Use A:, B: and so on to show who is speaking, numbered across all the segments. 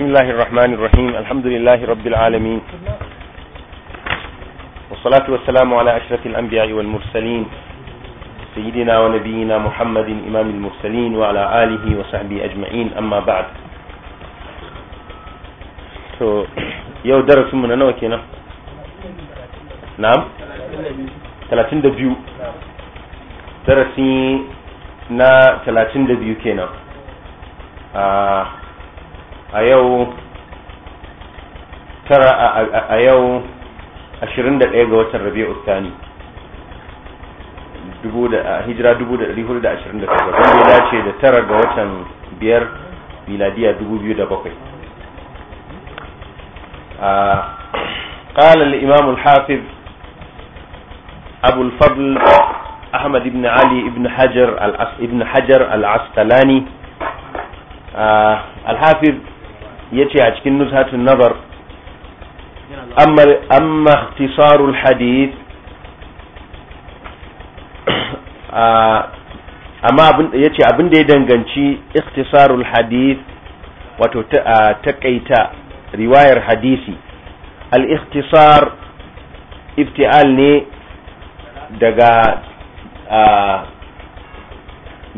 A: بسم الله الرحمن الرحيم الحمد لله رب العالمين والصلاة والسلام على أشرف الأنبياء والمرسلين سيدنا ونبينا محمد إمام المرسلين وعلى آله وصحبه أجمعين أما بعد so, يو درس من أنا وكينا نعم درسين نا na دبيو كينا آه a yau 21 ga watan rabi'u tsani hijira 1428 wanda ya dace da tara ga watan biyar miladiya 2007 قال الإمام الحافظ أبو الفضل أحمد بن علي بن حجر ابن حجر العسقلاني الحافظ ya ce a cikin nushatun nazar amma amma ikhtisarul hadith amma ya ce abin da ya danganci ikhtisarul hadith wato kaita riwayar hadisi al-ikhtisar iftial ne daga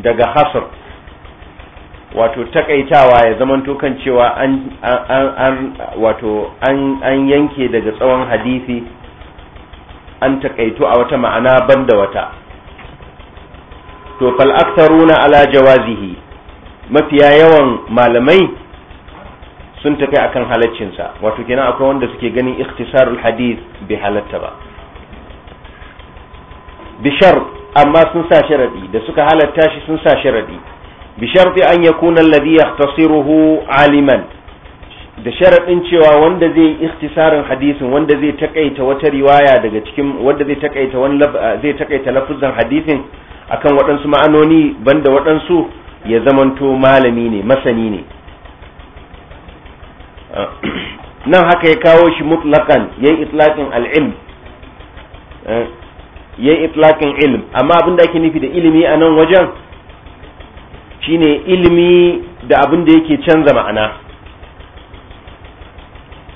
A: daga hasr wato takaitawa ya zamanto kan cewa an wato an yanke daga tsawon hadisi an takaito a wata ma'ana banda wata to fal aktaruna ala jawazihi mafiya yawan malamai sun tafi akan halaccinsa wato kenan akwai wanda suke ganin ikhtisarul hadith bi halatta ba bishar amma sun sa sharadi da suka halatta shi sun sa sharadi bisharti أن يكون الذي يختصره aliman da sharaɗin cewa wanda zai ikhtisarin hadisin wanda zai takaita wata riwaya daga cikin wanda zai takaita wani zai takaita lafuzan hadisin akan waɗansu ma'anoni banda waɗansu ya zamanto malami ne masani ne nan haka ya kawo shi mutlaqan yayi itlaqin al-ilm yayi itlaqin ilm amma abin da ake nufi da ilimi a nan wajen shine ilimi da abin da yake canza ma'ana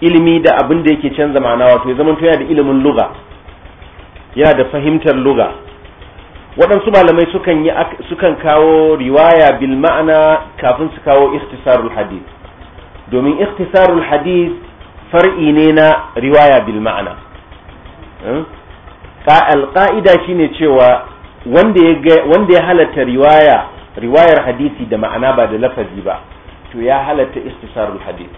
A: ilimi da abin da yake canza ma'ana wato ya zama yana da ilimin luga yana da fahimtar luga waɗansu malamai sukan yi sukan kawo riwaya bil ma'ana kafin su kawo ikhtisarul hadith domin ikhtisarul hadith far'i ne na riwaya bil ma'ana hmm? alƙa'ida shine cewa wanda ya halatta riwaya riwayar hadisi da ma'ana ba da lafazi ba to ya halatta istisarul hadith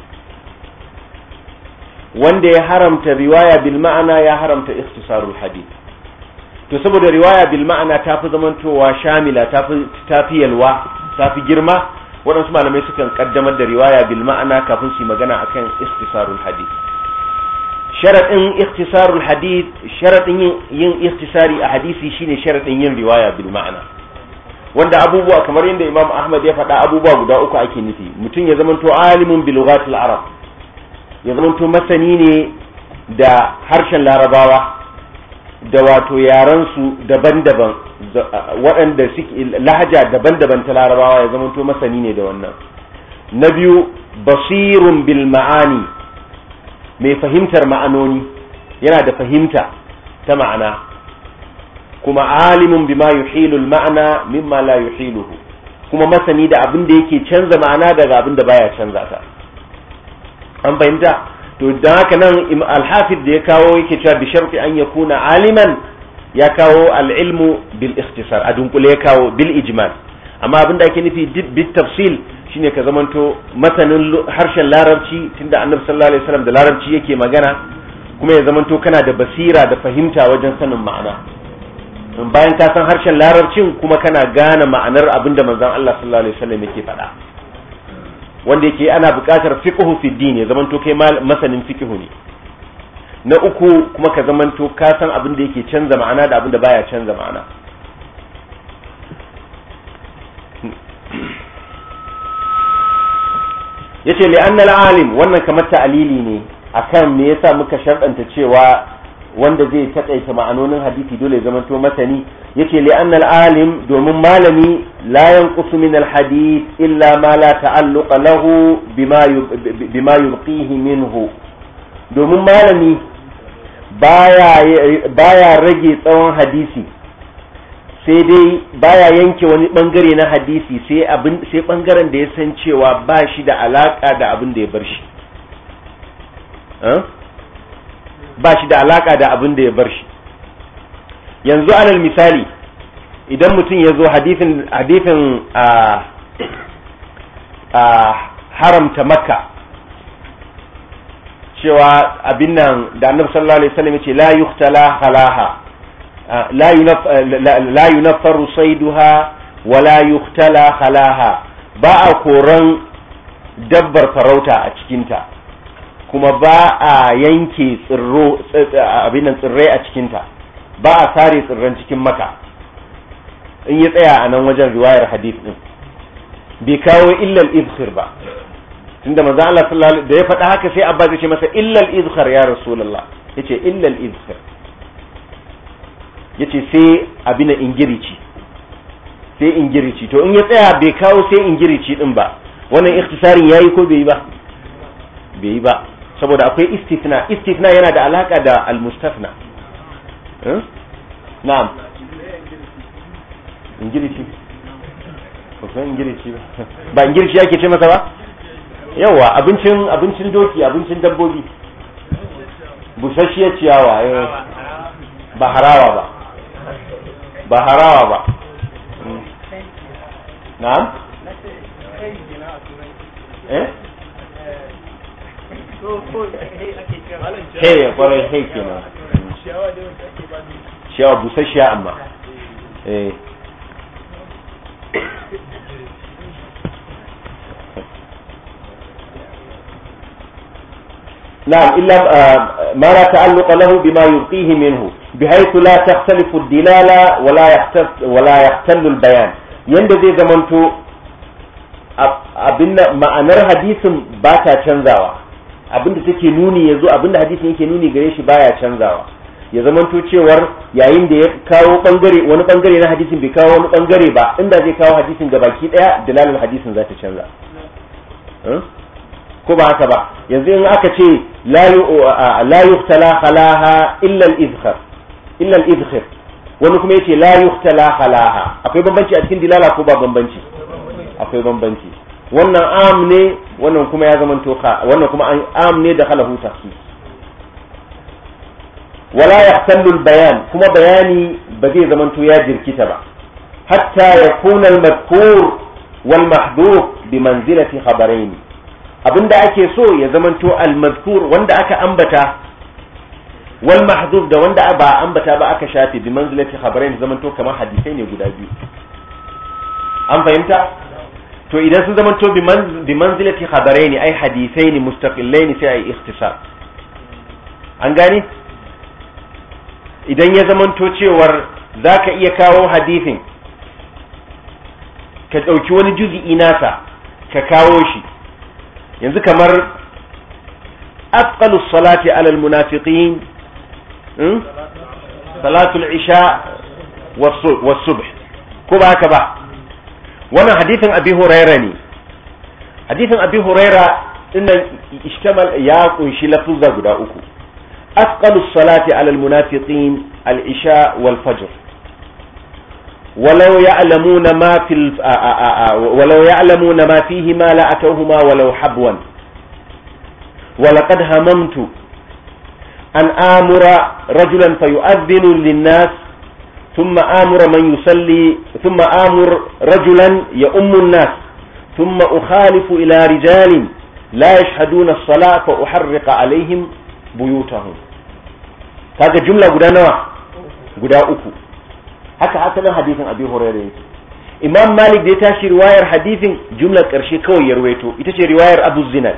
A: wanda ya haramta riwaya bil ma'ana ya haramta istisarul hadith to saboda riwaya bil ma'ana ta fi zamantowa shamila ta fi yalwa ta fi girma waɗansu malamai sukan kaddamar da riwaya bil ma'ana kafin su magana akan istisarul hadith sharadin istisarul hadith sharadin yin istisari a hadisi shine sharaɗin yin riwaya bil ma'ana wanda abubuwa kamar yadda imam ahmad ya faɗa abubuwa guda uku ake nufi mutum ya zamanto alimin alimun arab ya zamanto masani ne da harshen larabawa da wato yaren su daban-daban uh, waɗanda suke lahaja daban-daban ta larabawa ya zamanto masani ne da wannan na biyu basirun bil ma'ani mai fahimtar ma'anoni yana da fahimta ta ma'ana kuma alimun bima yuhilul ma'ana mimma la yuhiluhu kuma masani da abin da yake canza ma'ana daga abin da baya canza ta an fahimta to dan haka nan al da ya kawo yake cewa bi sharti an yakuna aliman ya kawo al-ilmu bil ikhtisar a dunkule ya kawo bil ijmal amma abin da ake nufi bit tafsil shine ka zamanto masanin harshen larabci tunda annabi sallallahu alaihi wasallam da larabci yake magana kuma ya zamanto kana da basira da fahimta wajen sanin ma'ana bayan ka san harshen larabcin kuma kana gane ma'anar abin da manzon Allah sallallahu alaihi wasallam yake faɗa wanda yake ana buƙatar fiqhu fi din ya zamanto kai masanin fiqhu ne na uku kuma ka zamanto ka san abin da yake canza ma'ana da abin da baya canza ma'ana yace li anna al-alim wannan kamar ta'alili ne akan me yasa muka sharɗanta cewa wanda zai taƙaita ma'anonin hadisi dole ya zama to masani yace li anna alim domin malami la yanqusu min al hadith illa ma la ta'alluqa lahu bima bima yulqihi minhu domin malami baya baya rage tsawon hadisi sai dai baya yanke wani bangare na hadisi sai abin sai bangaren da ya san cewa ba shi da alaka da abin da ya bar shi ba shi da alaka da abin da ya bar shi yanzu alal misali idan mutum ya zo hadifin a haramta makka cewa abin nan da annabi sallallahu alaihi wasallam yace la yuhtala halaha la yunaffaru sayduha wa la yuhtala halaha ba a koran dabbar farauta a cikinta kuma ba a yanke tsirro abin nan tsirrai a cikinta ba a sare tsirran cikin maka in ya tsaya a nan wajen riwayar hadith din bai kawo illal izhar ba tunda manzo Allah sallallahu alaihi da ya faɗa haka sai Abba ya ce masa illal izhar ya rasulullah yace illal izhar yace sai abin ingirici sai ingirici to in ya tsaya bai kawo sai ingirici din ba wannan ikhtisarin yayi ko bai yi ba bai yi ba saboda akwai istithna istithna yana da alaka da almustafna eh? na'am ingilishi ko san ingilishi ba ingilishi yake ce masa ba yawa abincin abincin doki abincin dabbobi
B: busasshiyar ciyawa eh. ba harawa ba ba harawa ba hmm. na'am eh hey ya kwarai hey kenan ciyawa busasshiya
A: amma eh نعم إلا ما لا تعلق له بما يبقيه منه بحيث لا تختلف الدلالة ولا يختل ولا yanda zai zamanto abin ma'anar hadisin ba ta canzawa abinda take nuni yazo abinda hadisin yake nuni gare shi baya canzawa ya zamanto cewar yayin da ya kawo bangare wani bangare na hadisin bai kawo wani bangare ba inda zai kawo hadisin gabaki daya dalalar hadisin za ta canza hmm? ko ba haka ba yanzu in aka ce la yuhtala khalaha illa al izhar illa al izhar wani kuma yace la yuhtala khalaha akwai bambanci a cikin dilala ko ba bambanci akwai bambanci wannan am ne wannan kuma ya zama wannan kuma am ne da halahu tafsir wala yahtallu bayan kuma bayani ba zai zama to ya jirkita ba hatta yakuna al-madhkur wal mahdhuf bi manzilati khabarain abinda ake so ya zama to al-madhkur wanda aka ambata wal mahdhuf da wanda ba ambata ba aka shafe bi manzilati khabarain zaman to kamar hadisai ne guda biyu an fahimta to idan sun zamanto bi manzilati khabaraini ai hadithaini mustaqillaini sai ai ikhtisar an gani idan ya zamanto cewar za ka iya kawo hadithin ka ɗauki wani juzi'i nasa ka kawo shi yanzu kamar afqalu salati alal munafiqin hmm? salatul isha wasu subh ko ba haka ba wannan hadisin abi huraira ne hadisin abi huraira innan ishtamal ya kunshi lafuzza guda uku asqalu salati ala almunafiqin al-isha wal fajr ولو يعلمون ما في الف... آآ آآ آآ ولو يعلمون ما فيهما لأتوهما ولو حبوا ولقد هممت أن آمر رجلا فيؤذن للناس ثم آمر من يصلي ثم آمر رجلا يؤم الناس ثم أخالف إلى رجال لا يشهدون الصلاة فأحرق عليهم بيوتهم هذا جملة قد نوع أكو haka haka nan hadisin abi hurairah yake imam malik da ya tashi riwayar hadisin jumlar karshe kawai ya ruwaito ita ce riwayar abu zinad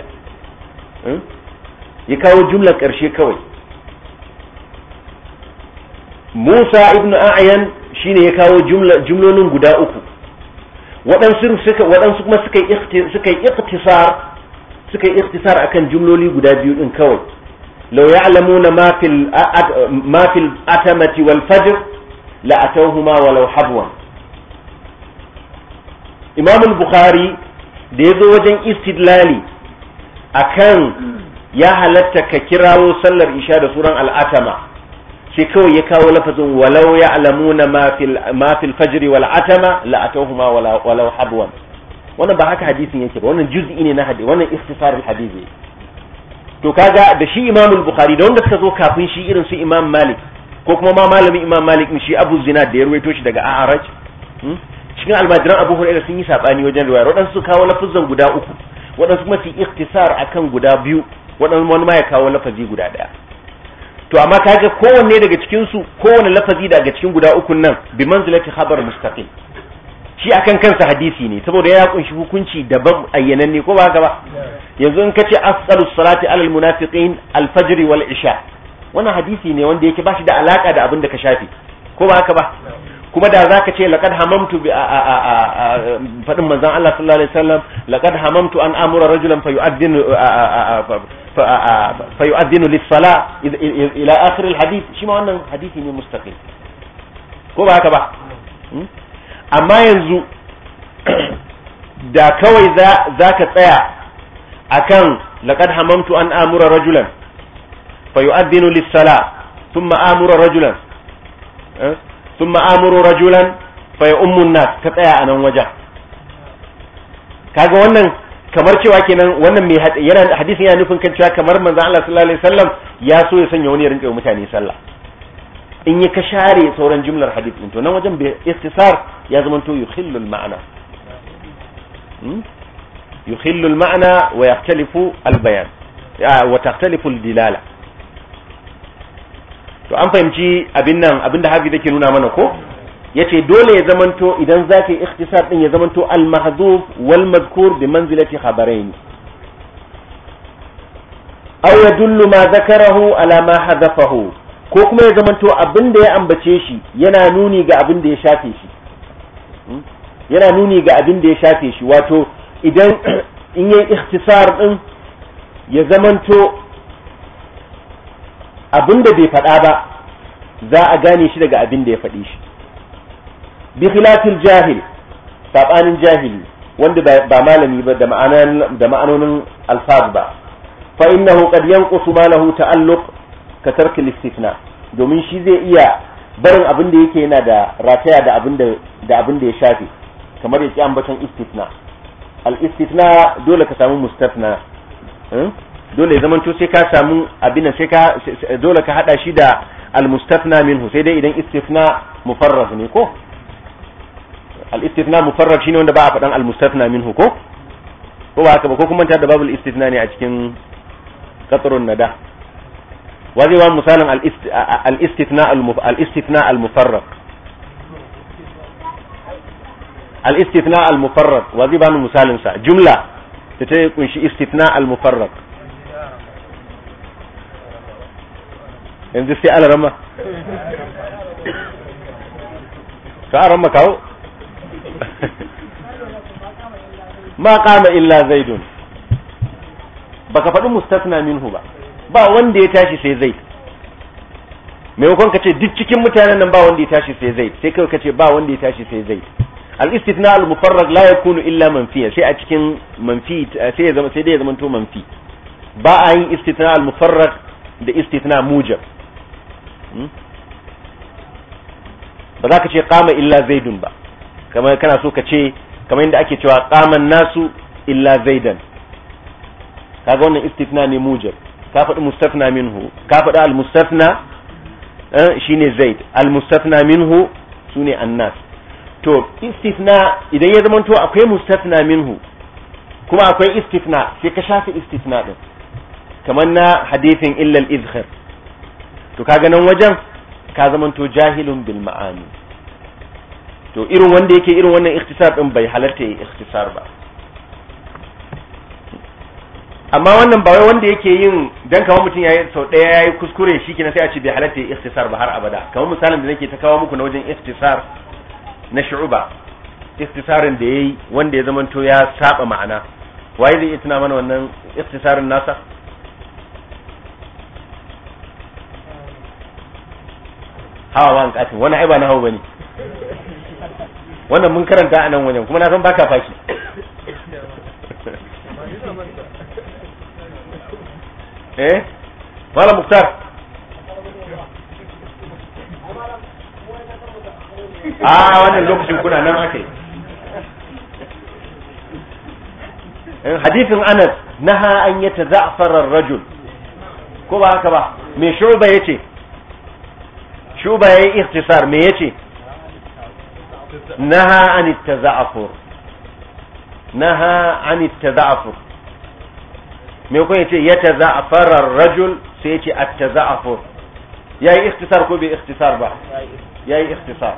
A: ya kawo jumlar karshe kawai Musa ibn A'yan shine ya kawo jumlolin guda uku waɗansu suka waɗansu kuma suka suka iktisar suka iktisar akan jumloli guda biyu din kawai law ya'lamuna ma fil ma fil atamati wal fajr la atawhuma walau habwan Imam al-Bukhari da yazo wajen istidlali akan ya halatta ka kirawo sallar isha da suran al-atama shi kawai ya kawo lafazin walau ya alamu na ma fil wal atama la ma walau habwan wannan ba haka hadisin yake ba wannan juz'i ne na hadisi wannan ikhtisar al hadisi to kaga da shi Imam bukhari da wanda suka zo kafin shi irin su Imam Malik ko kuma ma malamin Imam Malik ne shi Abu zina da ya ruwaito shi daga aaraj. Hmm? cikin almajiran Abu Hurairah sun yi sabani wajen riwaya waɗansu su kawo lafazan guda uku waɗansu kuma su ikhtisar akan guda biyu waɗansu wani ma ya kawo lafazi guda ɗaya to amma kaga kowanne daga cikin su kowanne lafazi daga cikin guda ukun nan bi manzilati khabar mustaqil shi akan kansa hadisi ne saboda ya kunshi hukunci daban ne ko ba ba yanzu in ce afsalu salati alal munafiqin al-fajr wal isha wannan hadisi ne wanda yake ba da alaka da abin da ka shafi ko ba haka ba kuma da za ka ce laqad hamamtu bi a fadin manzon Allah sallallahu alaihi wasallam laqad hamamtu an amura rajulan fa fa yu'adhdhinu lis-salah ila akhir al-hadith shi ma wannan hadisi ne mustaqil ko ba haka ba hmm? amma yanzu da kawai za ka tsaya akan laqad hamamtu an amura rajulan fa yu'adhdhinu lis-salah thumma amura rajulan eh? thumma amuru rajulan fa ya'ummu an-nas ka tsaya a nan wajen kaga wannan kamar cewa kenan wannan mai yana hadisin yana nufin kan cewa kamar manzon Allah sallallahu alaihi wasallam ya so ya sanya wani ya rinka mutane sallah in ya ka share sauran jumlar hadith din to nan wajen bi ikhtisar ya zama to yukhillu al-ma'na hmm? yukhillu al-ma'na wa yahtalifu al-bayan wa tahtalifu al-dilala to an fahimci abin nan abinda hafi take nuna mana ko ya ce dole ya zamanto idan zaki yi ikhtisar din ya zamanto al mahzuf wal mazkur bi manzilati khabarain aw yadullu ma zakarahu ala ma hadafahu ko kuma ya zamanto abin da ya ambace shi yana nuni ga abin da ya shafe shi hmm? yana nuni ga abin da ya shafe shi wato idan in yi ikhtisar din ya zamanto abin da bai faɗa ba za a gane shi daga abin da ya faɗi shi bi khilafil jahil sabanin jahili wanda ba malami ba da da ma'anonin alfaz ba fa innahu qad yanqusu ma lahu ta'alluq ka tarkil istithna domin shi zai iya barin abin da yake yana da rataya da abin da da abin da ya shafe kamar yake ambaton istithna al istithna dole ka samu mustathna hmm? dole ya zamanto sai ka samu abin sai ka dole ka hada shi da al mustathna minhu sai dai idan istithna mufarrad ne ko al-istithna mufarrad shine wanda ba a fadan al mustathna minhu ko ko ba haka ba ko kuma ta da babul istithna ne a cikin qatrun nada wa zai ba misalin al-istithna al-istithna al-mufarrad al-istithna al-mufarrad wa zai ba mu misalin sa jumla ta ta kunshi istithna al-mufarrad yanzu sai alarama ka aran kawo ma kama illa zaidun baka faɗi mustafna minhu ba ba wanda ya tashi sai zaid maimakon ka ce duk cikin mutanen nan ba wanda ya tashi sai zaid sai kawai ka ce ba wanda ya tashi sai zaid al-istithna al-mufarrad la yakunu illa manfiya sai a cikin manfi sai ya zama sai dai ya zama to manfi ba a yin istithna al-mufarrad da istithna mujab hmm? ba za ka ce kama illa zaidun ba kamar kana so ka ce kamar yadda ake cewa qaman nasu illa zaidan kaga wannan istithna ne mujab ka faɗi mustafna minhu ka faɗi al mustafna eh, shine zaid al mustafna minhu sune annas to istithna idan ya zamanto akwai mustafna minhu kuma akwai istithna sai ka shafi istithna din kamar na hadithin illa al izhar to kaga nan wajen ka zamanto jahilun bil ma'ani to irin wanda yake irin wannan ikhtisar din bai halatta yi ikhtisar ba amma wannan ba wai wanda yake yin dan kamar mutum yayi sau daya yayi kuskure kina sai a ce bai halatta yi ikhtisar ba har abada kamar misalin da nake ta kawo muku na wajen ikhtisar na shu'ba ikhtisarin da yayi wanda ya zamanto ya saba ma'ana waye zai tuna mana wannan ikhtisarin nasa hawa wan katin wannan ai na hawa bane wannan mun karanta a nan wajen kuma na san baka faki eh malam muktar a ah, wannan lokacin kuna nan aka yi eh, hadithin anas naha an yata za'farar rajul ko ba haka ba me shuba yace shuba yayi ikhtisar me yace naha an taza'afur naha an taza'afur me ko yace ya taza'afara ar-rajul sai yace at-taza'afur yayi ikhtisar ko bai ikhtisar ba yayi ikhtisar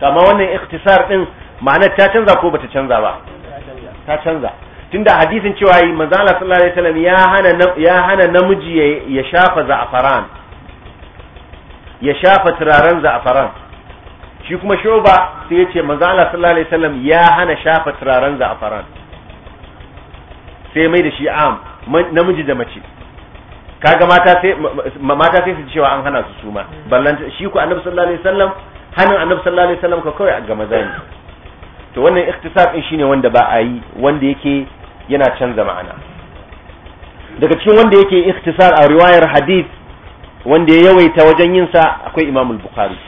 A: kama wannan ikhtisar din ma'anar ta canza ko bata canza ba ta canza tunda hadisin cewa yi manzo Allah sallallahu alaihi ya hana namiji ya shafa za'afaran ya shafa turaren za'afaran shi kuma shoba sai ya ce manzo Allah sallallahu alaihi wasallam ya hana shafa turaren za'afaran sai mai da shi am namiji da mace
B: kaga mata sai
A: mata sai su cewa an hana su suma ballan shi ku annabi sallallahu alaihi wasallam hanin annabi sallallahu alaihi wasallam ka kawai ga maza ne to wannan ikhtisar din shine wanda ba a yi wanda yake yana canza ma'ana daga cikin wanda yake ikhtisar a riwayar hadith wanda ya yawaita wajen yin sa akwai imamul bukhari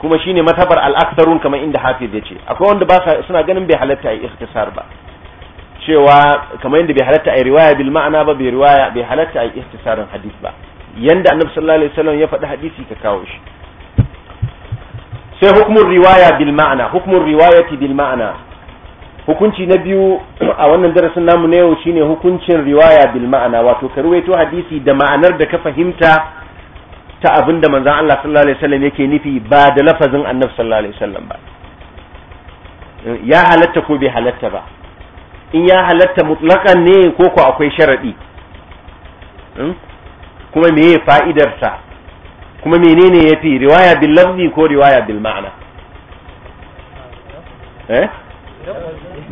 A: kuma shine matabar al-aktharun kamar inda hafiz ce akwai wanda ba suna ganin bai halatta ai ikhtisar ba cewa kamar inda bai halatta ai riwaya bil ma'ana ba bai riwaya bai halatta ai ikhtisarin hadith ba yanda annabi sallallahu alaihi wasallam ya faɗi hadisi ka kawo shi sai hukumun riwaya bil ma'ana hukumun riwayati bil ma'ana hukunci na biyu a wannan darasin namu na yau shine hukuncin riwaya bil ma'ana wato ka ruwaito hadisi da ma'anar da ka fahimta ta abin da manzan Allah sallallahu alaihi wasallam yake nufi ba da lafazin annabi sallallahu alaihi wasallam ba ya halatta ko bai halatta ba in ya halatta mutlaqan ne ko ko akwai sharadi hmm? kuma me meye fa'idarsa kuma menene yafi riwaya bil lafzi ko riwaya bil ma'ana eh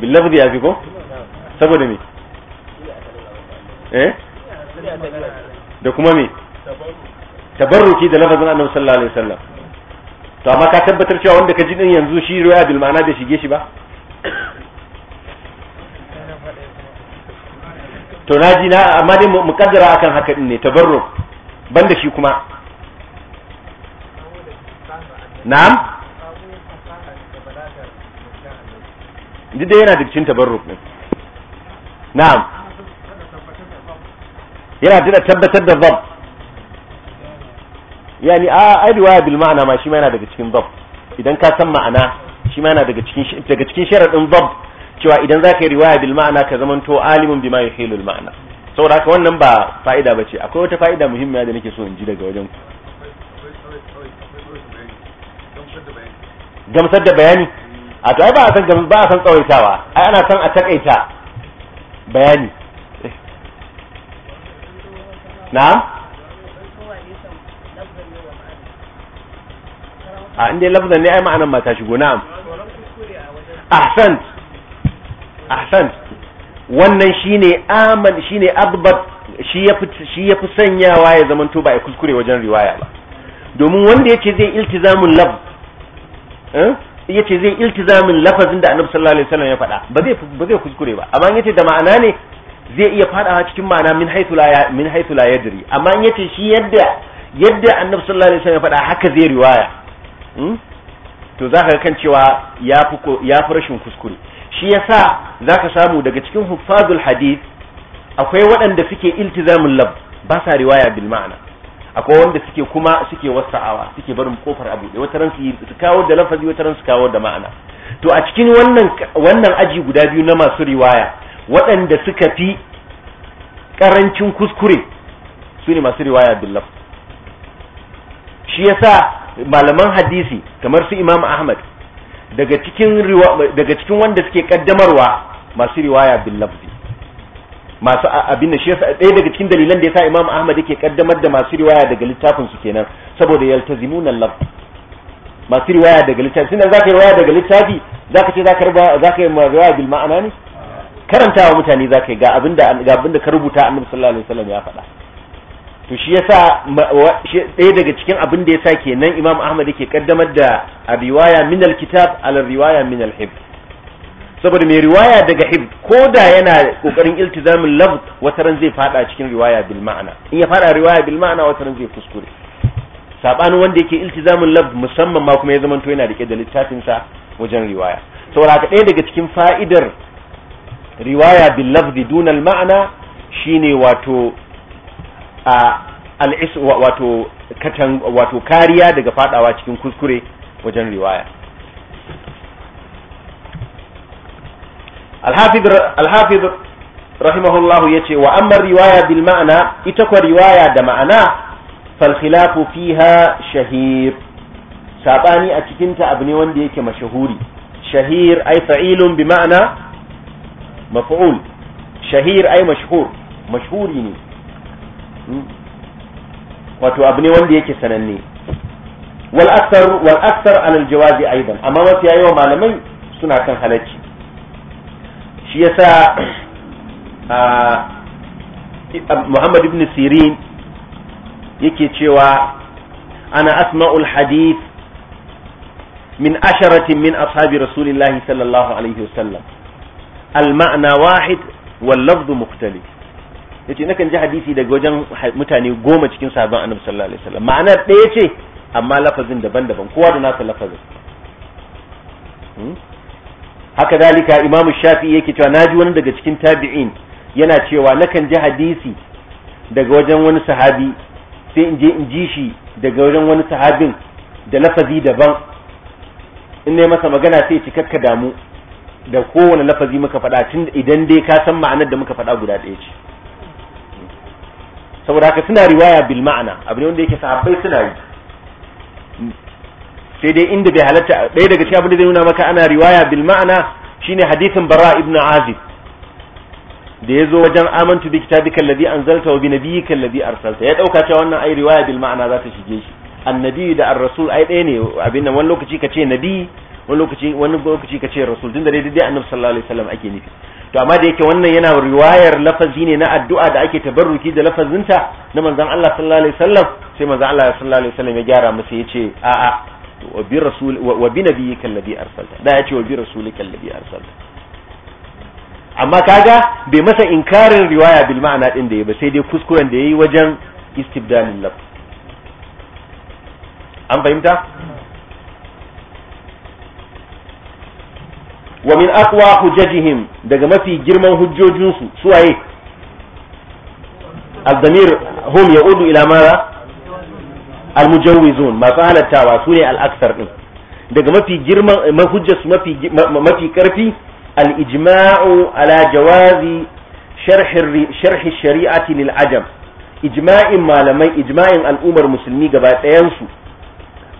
A: bil lafzi yafi ko saboda me eh da kuma me
B: tabarruki da
A: lafazin annabi sallallahu alaihi wasallam to amma ka tabbatar cewa wanda ka ji din yanzu shi riwaya bil ma'ana da shige shi ba to na ji na amma dai kaddara akan haka din ne tabarruk banda shi kuma na'am duk yana dukkin tabarruk ne na'am yana da tabbatar da zab yani a ai riwaya bil ma'ana ma shi ma yana daga cikin dab idan ka san ma'ana shi ma yana daga cikin daga cikin sharadin dab cewa idan za ka yi riwaya bil ma'ana ka zamanto alimun bima yuhilul ma'ana saboda haka wannan ba fa'ida ba ce akwai wata fa'ida muhimmiya da nake so in ji daga wajen ku gamsar da bayani a to ai ba a san ba a san tsawaitawa ai ana san a takaita bayani eh. na'am a inda lafzan ne ai ma'anan mata shigo na'am ahsan ahsan wannan shine aman shine abbat shi ya shi fi sanyawa ya zaman to ba ya kuskure wajen riwaya ba domin wanda yace zai iltizamin lab eh yace zai iltizamin lafazin da Annabi sallallahu alaihi wasallam ya faɗa ba zai ba zai kuskure ba amma yace da ma'ana ne zai iya fadawa cikin ma'ana min haythu la min haythu la yadri amma yace shi yadda yadda Annabi sallallahu alaihi wasallam ya faɗa haka zai riwaya Hmm? to za ka kan cewa ya fi rashin kuskure shi ya sa za ka samu daga cikin huffazul hadith akwai waɗanda suke iltizamin lab ba sa riwaya bil ma'ana akwai wanda suke kuma suke wasa'awa suke barin kofar abu da wataran su kawo da lafazi wataran su kawo da ma'ana to a cikin wannan aji guda biyu na masu riwaya waɗanda suka fi karancin kuskure su ne masu riwaya bil lab shi ya sa. malaman hadisi kamar su imam ahmad daga cikin daga cikin wanda suke kaddamarwa masu riwaya bil lafzi masu abin da shi yasa ɗaya daga cikin dalilan da yasa imam ahmad yake kaddamar da masu riwaya daga littafin su kenan saboda yaltazimuna lafz masu riwaya daga littafi sinan zaka riwaya daga littafi zaka ce zaka zaka yi riwaya bil ma'ana ne karantawa mutane zaka yi ga abinda ga abinda ka rubuta annabi sallallahu alaihi wasallam ya faɗa to shi yasa ɗaya daga cikin abin da yasa kenan Imam Ahmad yake kaddamar da riwaya min al-kitab ala riwaya min al-hib saboda mai riwaya daga hib ko da yana kokarin iltizamin lafz wata ran zai fada cikin riwaya bil ma'ana in ya fada riwaya bil ma'ana wata ran zai kuskure sabanin wanda yake iltizamin lafz musamman ma kuma ya zama to yana rike da littafin sa wajen riwaya saboda haka ɗaya daga cikin fa'idar riwaya bil dunal duna al ma'ana shine wato al'is wato katan wato kariya daga fadawa cikin kuskure wajen riwaya al-hafiz rahimahullahu yace wa amma riwaya bil ma'ana ita kwa riwaya da ma'ana fal khilafu fiha shahir sabani a cikinta ta abu ne wanda yake mashahuri shahir ay fa'ilun bi ma'ana maf'ul shahir ay mashhur mashhuri ne wato abu ne wanda yake sananne wal aksar wal aksar jawazi aidan amma mafiya yawa malamai suna kan halacci shi yasa Muhammad ibn Sirin yake cewa ana asma'ul hadith min asharatin min ashabi rasulillahi sallallahu alaihi wasallam al ma'ana wahid wal lafdu muktalif yace nakan ji hadisi daga wajen mutane goma cikin sahabban annabi sallallahu alaihi wasallam ma'ana ɗaya ce amma lafazin daban-daban kowa da nasa lafazin hmm? haka dalika imamu shafi yake cewa ji wani daga cikin tabi'in yana cewa nakan ji hadisi daga wajen wani sahabi sai in je in ji shi daga wajen wani sahabin da lafazi daban in ne masa magana sai ci kakka damu da kowane lafazi muka faɗa tun idan dai ka san ma'anar da muka faɗa guda ɗaya ce saboda haka suna riwaya bil ma'ana abu ne wanda yake sahabbai suna yi sai dai inda bai halatta ɗaya daga cikin abin da zai nuna maka ana riwaya bil ma'ana shine hadithin bara ibnu azib da yazo wajen amantu bi kitabika alladhi anzalta wa bi nabiyyika alladhi arsalta ya dauka cewa wannan ai riwaya bil ma'ana za ta shige shi annabi da ar-rasul ai ɗaya ne abin nan wani lokaci ka ce nabi wani lokaci wani lokaci kace rasul da dai dai annabi sallallahu alaihi wasallam ake nufi to amma da yake wannan yana riwayar lafazi ne na addu'a da ake tabarruki da lafazinta na manzon Allah sallallahu alaihi wasallam sai manzon Allah sallallahu alaihi wasallam ya gyara masa yace a a wa bi rasul wa bi nabiyyika alladhi arsalta da yace wa bi rasulika alladhi arsalta amma kaga bai masa inkarin riwaya bil ma'ana din da ya ba sai dai kuskuren da yayi wajen istibdalin lafz an fahimta wa min aqwa hujjajihim daga mafi girman hujjojinsu suwaye al-damir hum ya'udu ila mara al-mujawwizun masu halattawa sune al-aksar din daga mafi girman mahujjas mafi mafi karfi al-ijma'u ala jawazi sharhin sharhi shari'ati lil ajam ijma'in malamai ijma'in al'ummar musulmi gaba ɗayan su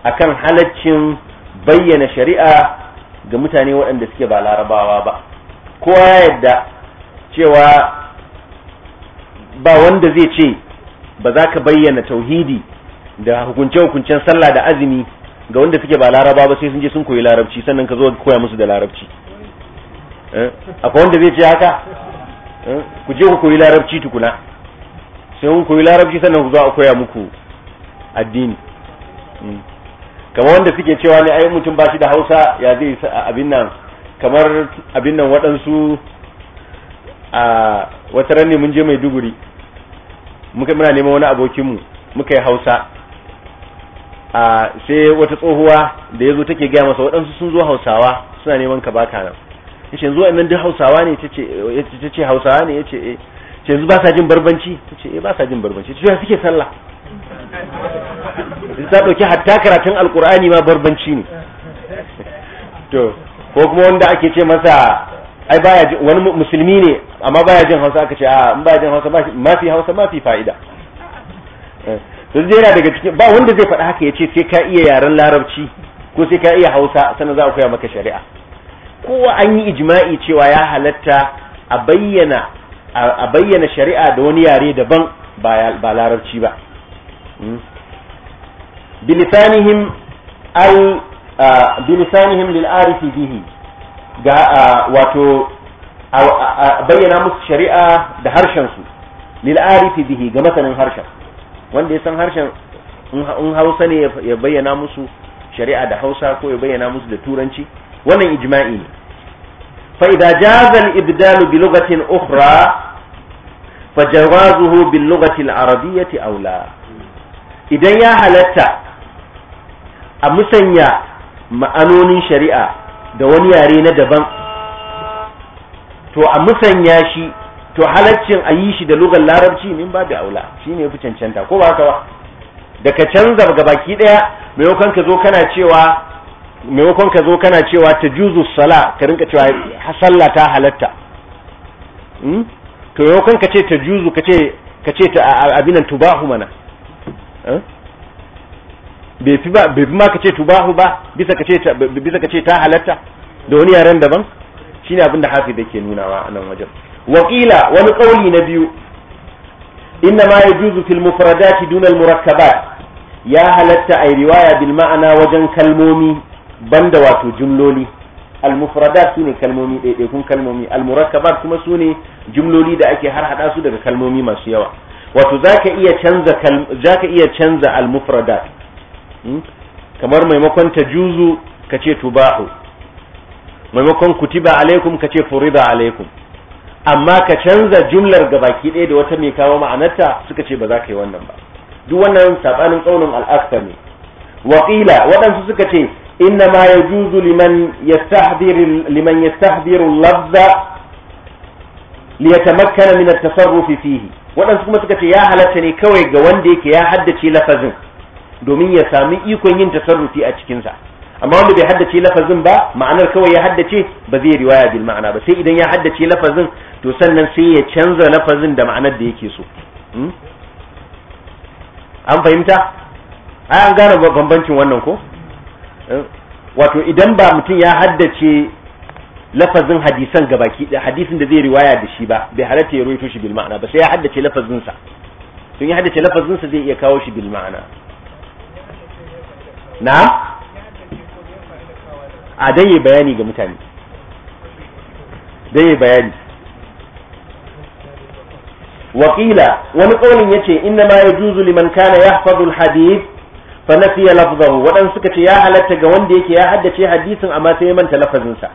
A: akan halaccin bayyana shari'a ga mutane waɗanda suke ba larabawa ba kowa ya yadda cewa ba wanda zai ce ba za ka bayyana tauhidi da hukunce-hukuncen sallah da azumi ga wanda suke ba laraba ba sai sun je sun koyi larabci sannan ka zo ka koya musu da larabci eh? akwai wanda zai ce haka eh? ku je ku koyi larabci tukuna sai kun koyi larabci sannan ku zo a koya muku addini hmm.
B: kamar wanda suke cewa ne ai mutum bashi da
A: hausa ya zai abin nan kamar abin nan waɗansu a wata ranni mun je mai duguri muka muna neman wani abokinmu muka yi hausa a sai wata tsohuwa da ya zo take gaya masa waɗansu sun zo hausawa suna neman ka baka nan ce yanzu waɗannan duk hausawa ne ta ce hausawa ne eh. ya ce yanzu ba sa jin barbanci ta ce eh, ba sa jin barbanci ta ce suke sallah ta ɗauki hatta karatun alkur'ani ma barbanci ne to ko kuma wanda ake ce masa ai baya wani musulmi ne amma baya jin hausa aka ce a ah, in baya jin hausa ma fi hausa ma fi fa'ida eh, to zai yana daga cikin ba wanda zai faɗa haka ya ce sai ka iya yaren larabci ko sai ka iya hausa sannan za a koya maka shari'a kowa an yi ijma'i cewa ya halatta a bayyana a bayyana shari'a da wani yare daban ba larabci ba hmm? bilisanihim ai bilisanihim lil arifi bihi ga wato bayyana musu shari'a da harshen su lil arifi bihi ga masanin harshen wanda ya san harshen in Hausa ne ya bayyana musu shari'a da Hausa ko ya bayyana musu da Turanci wannan ijma'i ne fa idza jaza al ibdal bi lughatin ukhra fa jawazuhu bil lughati al arabiyyati aw la idan ya halatta a musanya ma'anonin shari'a da wani yare na daban to a musanya shi to halaccin a yi shi da lugar larabci min ba da aula shi ne fi cancanta ko ba kawa? ba da ka canza ga baki daya maimakon ka zo kana cewa maimakon ka zo kana cewa ta juzu sala ka rinka cewa sallah ta halatta hmm? to maimakon ka ce ta juzu ka ce ka ce ta abinan tubahu mana hmm? bai fi ba ka ce ba bisa ka ce ta halatta da wani yaren daban ne abin da hafi da ke nunawa a nan wajen wakila wani kauli na biyu inna ma juzu fil mufradati duna al murakkabat ya halatta ay riwaya bil ma'ana wajen kalmomi banda wato jumloli al mufradat sune kalmomi ɗaiɗaikun kalmomi al murakkabat kuma sune jumloli da ake har hada su daga kalmomi masu yawa wato zaka iya canza zaka iya canza al mufradat Hmm? kamar maimakon tajuzu ka ce tubahu maimakon kutiba alaikum ka ce furida alaikum amma ka canza jumlar gabaki ɗaya da wata mai kawo ma'anarta suka ce ba za ka yi wannan ba duk wannan sabanin tsaunin al'akta ne waƙila waɗansu suka ce inna ma ya juzu liman yastahdiru lafza liyatamakkana min at-tasarrufi fihi waɗansu kuma suka ce ya halatta ne kawai ga wanda yake ya haddace lafazin domin ya sami ikon yin tasarrufi a cikinsa amma wanda bai haddace lafazin ba ma'anar kawai ya haddace ba zai riwaya bil ma'ana ba sai idan ya haddace lafazin to sannan sai ya canza lafazin da ma'anar da yake so hmm? an fahimta ai an gane bambancin wannan ko eh, wato idan ba mutum ya haddace lafazin hadisan gabaki da hadisin da zai riwaya da shi ba bai halatta ya ruwaito shi bil ma'ana ba sai ya haddace lafazin tun ya haddace lafazin zai iya kawo shi bil ma'ana na a dan yi bayani ga mutane dan yi bayani wakila wani kaulin yace inna ma yajuzu liman kana yahfazul hadith fa nafiya lafzahu wadan suka ce ya halatta ga wanda yake ya haddace hadisin amma sai manta lafazinsa. sa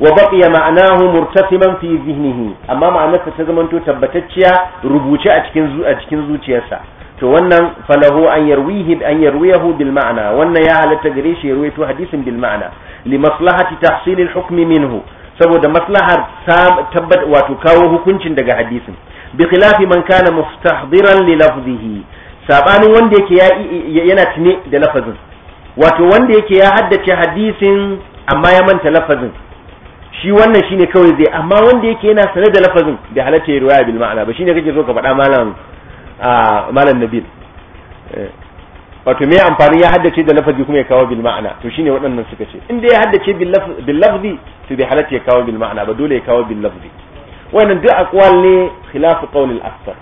A: wa baqiya ma'anahu murtasiman fi zihnihi amma ma'anarsa ta zamanto tabbatacciya rubuce a cikin zuciyarsa to wannan falahu an yarwihi an yarwiyahu bil ma'ana wannan ya halatta gare shi yarwaito hadisin bil ma'ana li maslahati tahsil al hukmi minhu saboda maslahar tabbat wato kawo hukuncin daga hadisin bi khilafi man kana mustahdiran li lafzihi sabanin wanda yake yana tune da lafazin wato wanda yake ya haddace hadisin amma ya manta lafazin shi wannan shine kawai zai amma wanda yake yana sane da lafazin bai halatta ya bil ma'ana ba shine kake so ka faɗa malamin. a malam nabil eh, wato me amfani ya haddace da lafazi kuma ya kawo bil ma'ana to shine waɗannan suka ce in dai ya haddace bil lafzi to bai halatta ya kawo bil ma'ana ba dole ya kawo bil lafzi wannan duk aqwal ne khilafu qawlil akthar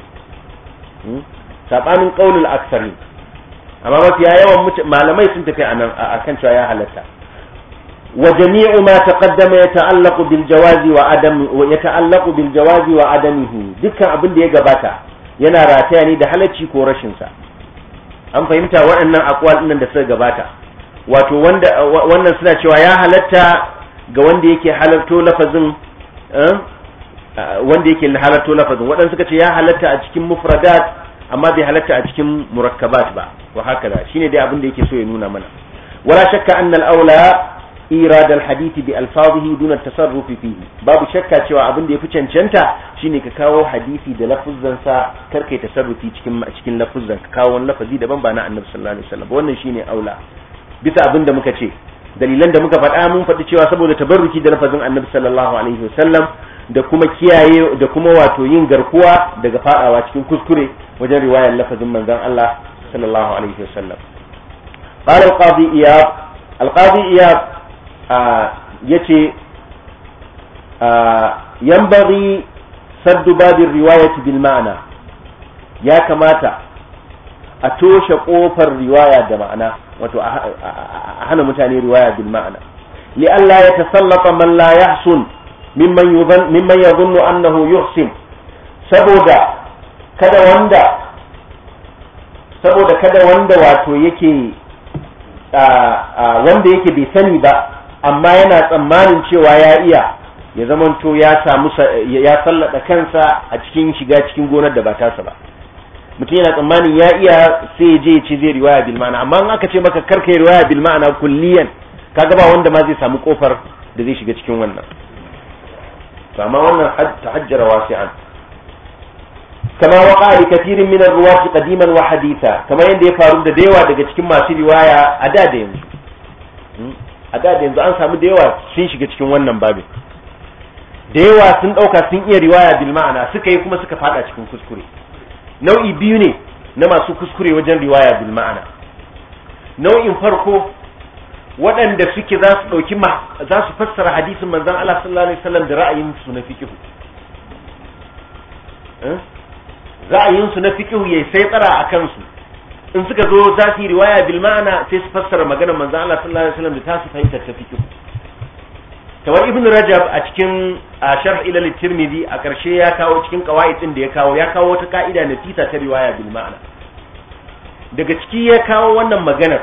A: hmm? sabanin qawlil akthar amma ya yawan malamai sun tafi anan akan cewa ya halatta wa jami'u ma taqaddama yata'allaqu bil jawazi wa adam yata'allaqu bil jawazi wa adamihi dukkan abin da ya gabata yana rataya ne da halacci ko rashin sa an fahimta waɗannan aqwal ɗin da suka gabata wato wanda wannan suna cewa ya halatta ga wanda yake halarto lafazin eh, wanda yake halarto lafazin waɗanda suka ce ya halatta a cikin mufradat amma bai halatta a cikin murakkabat ba wa haka da shine dai abin da yake so ya nuna mana wala shakka annal aula إيراد الحديث بألفاظه دون التصرف فيه باب شكا شوى أبن دي فتن شنتا شيني كاو حديثي دي لفظا سا كركي تصرفي شكين لفظا كاو لفظي دبن بانا النبي صلى الله عليه وسلم وانا شيني أولى bisa abin da muka ce dalilan da muka faɗa mun faɗi cewa saboda tabarruki da lafazin annabi sallallahu da kuma kiyaye da kuma wato yin garkuwa daga fadawa cikin kuskure wajen riwayar lafazin manzon Allah sallallahu alaihi wasallam qala al-qadi iyab al-qadi iyab yace yanbaghi saddu babin riwayati bil ma'ana ya kamata a toshe kofar riwaya da ma'ana wato a hana mutane riwaya bil ma'ana li Allah ya tasallata man la yahsun mimman yuzan mimman yadhunnu annahu yuhsin saboda kada wanda saboda kada wanda wato yake wanda yake bai sani ba amma yana tsammanin cewa ya iya ya zamanto ya samu ya sallada kansa a cikin shiga cikin gonar da ba tasa ba mutum yana tsammanin ya iya sai ya je ya ce zai riwaya bil ma'ana amma in aka ce maka karka ya riwaya bil ma'ana kulliyan kaga ba wanda ma zai samu kofar da zai shiga cikin wannan to amma wannan tahajjara wasi'an kama waqa li katirin min ar-ruwat qadiman wa haditha kama yanda ya faru da dayawa daga cikin masu riwaya a da da yanzu a da yanzu an samu da yawa sun shiga cikin wannan babin da yawa sun ɗauka sun iya riwaya bil ma'ana suka yi kuma suka fada cikin kuskure nau'i biyu ne na masu kuskure wajen riwaya bil ma'ana nau'in farko waɗanda suke za su ɗauki za su fassara hadisin manzon Allah sallallahu alaihi wasallam da ra'ayin su na fiqh eh? ra'ayin su na fiqh yayi sai tsara akan su in suka zo za su yi riwaya bil ma'ana sai su fassara magana manzo Allah sallallahu alaihi wasallam da ta su fahimtar ta fiqh kamar ibn rajab a cikin a sharh ila tirmidhi a karshe ya kawo cikin qawaidin da ya kawo ya kawo wata ka'ida na tisa ta riwaya bil ma'ana daga ciki ya kawo wannan maganar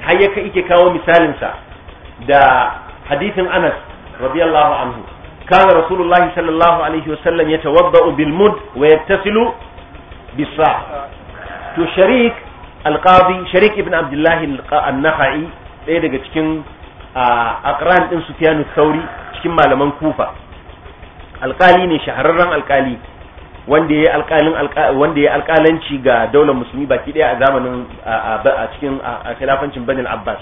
A: har ya yake kawo misalin sa da hadithin Anas radiyallahu anhu kana rasulullah sallallahu alaihi wasallam yatawaddau bil mud wa yattasilu bis to sharik alqadi sharik ibn abdullahi an ɗaya daga cikin aqran din sufiyanu sauri cikin malaman kufa alkali ne shahararren alkali wanda ya yi wanda alkalanci ga daular musulmi baki daya a zamanin a cikin khilafancin bani al-abbas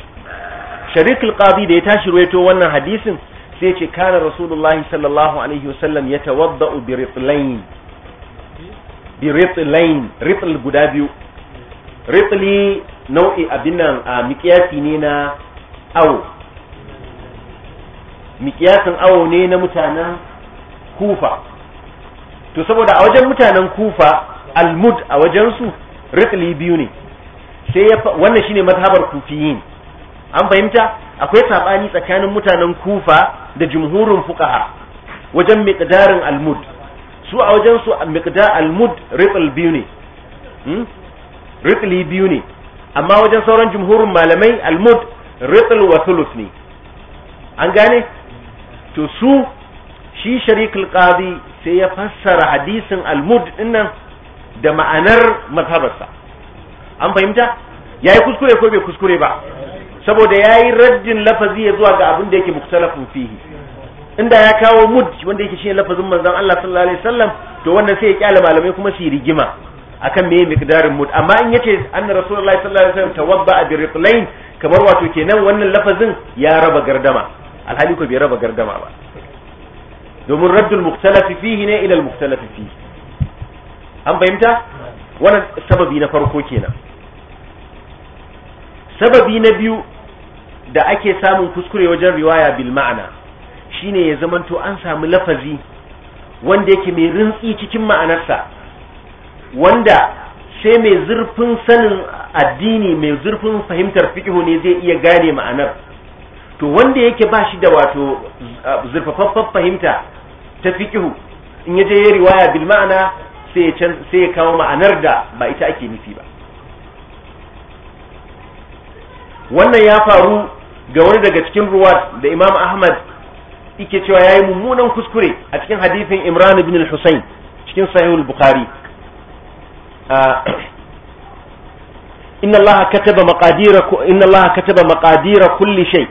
A: sharik al da ya tashi ruwaito wannan hadisin sai ce kana rasulullahi sallallahu alaihi wasallam yatawadda'u bi ritlayn bi ritl guda biyu ritli nau'i abin nan a miƙiyasi ne na awo miƙiyasin awo ne na mutanen kufa to saboda a wajen mutanen kufa almud a wajensu ritli biyu ne sai ya wannan shine mazhabar kufiyin an fahimta akwai sabani tsakanin mutanen kufa da jumhurin fuqaha wajen miqdarin almud su a wajen su miqdar almud ritl biyu ne hmm? ritli biyu ne amma wajen sauran jumhurin malamai almud ritl wa thuluth ne an gane to su shi sharikul alqadi sai ya fassara hadisin almud dinnan da ma'anar mazhabarsa an fahimta yayi kuskure ko bai kuskure ba saboda yayi raddin lafazi ya zuwa ga abin da yake muktalafin fihi inda ya kawo mud wanda yake shi lafazin manzon Allah sallallahu alaihi wasallam to wannan sai ya kyale malamai kuma su yi rigima akan meye miqdarin mud amma in yace anna rasulullahi sallallahu alaihi wasallam tawabba bi riqlain kamar wato kenan wannan lafazin ya raba gardama alhali ko bai raba gardama ba domin raddul mukhtalaf fihi ne ila al mukhtalaf fihi an fahimta wannan sababi na farko kenan sababi na biyu da ake samun kuskure wajen riwaya bil ma'ana shine ya zamanto an samu lafazi wanda yake mai rintsi cikin ma'anarsa wanda sai mai zurfin sanin addini mai zurfin fahimtar fiƙihu ne zai iya gane ma'anar to wanda yake ba shi da wato zurfafaffen fahimta ta fiƙihu in ya je ya riwaya bil ma'ana sai ya kawo ma'anar da ba ita ake nufi ba wannan ya faru ga wani daga cikin ruwat da Imam Ahmad yake cewa ya yi mummunan kuskure a cikin hadisin Imran ibn al-Husayn cikin Sahih al-Bukhari inna Allah kataba maqadira inna Allah kataba maqadira kulli shay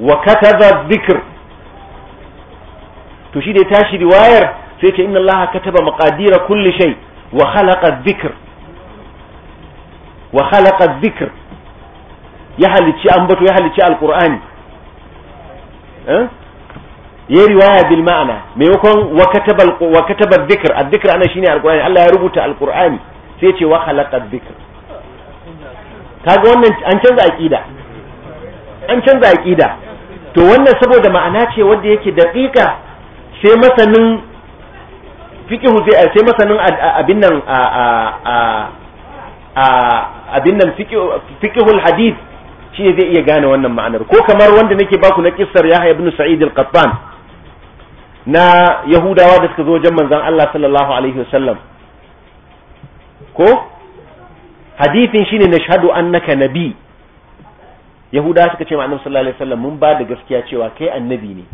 A: wa kataba dhikr to shi da tashi riwayar sai ce inna Allah kataba maqadira kulli shay wa khalaqa dhikr wa khalaqa dhikr ya halicci ambato ya halicci alqur'ani eh ya riwaya bil ma'ana maimakon wa katabar wa a dhikr adh ana shine alqur'ani Allah ya rubuta alqur'ani sai ce wa khalaqa dhikr kaga wannan an canza aqida an canza aqida to wannan saboda ma'ana ce wanda yake daqiqa sai masanin fiqhu zai sai masanin abin nan a a a abin nan fiqhul hadith shi zai iya gane wannan ma'anar ko kamar wanda nake baku na kissar Yahya ibn Sa'id al-Qattan na yahudawa da suka zo wajen manzon Allah sallallahu alaihi wasallam ko hadithin shi ne na shahadu annaka nabi yahudawa suka ce ma annabi sallallahu alaihi wasallam mun ba da gaskiya cewa kai annabi ne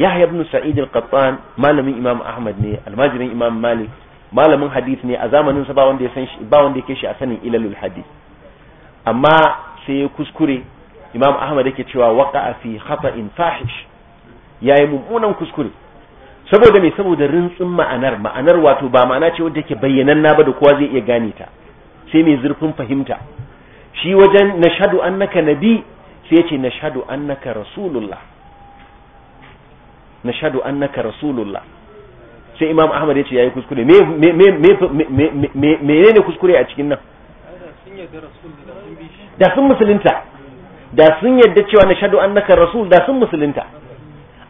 A: yahya ibn sa'id al-qattan malamin imam ahmad ne almajirin imam malik malamin hadith ne a zamanin sa ba wanda ya san shi ba wanda yake shi a sanin ilalul hadith amma sai ya kuskure imam ahmad yake cewa waqa'a fi khata'in fahish yayi mummunan kuskure saboda me saboda rintsin ma'anar ma'anar wato ba ma'ana ce wadda yake bayyananna ba da kowa zai iya gane ta sai mai zurfin fahimta shi wajen naka annaka nabi sai yace nashhadu annaka rasulullah an annaka rasulullah sai imam ahmad ya yayi kuskure me me me me ne kuskure a cikin nan da sun musulunta da sun yadda cewa nashhadu annaka rasul da sun musulunta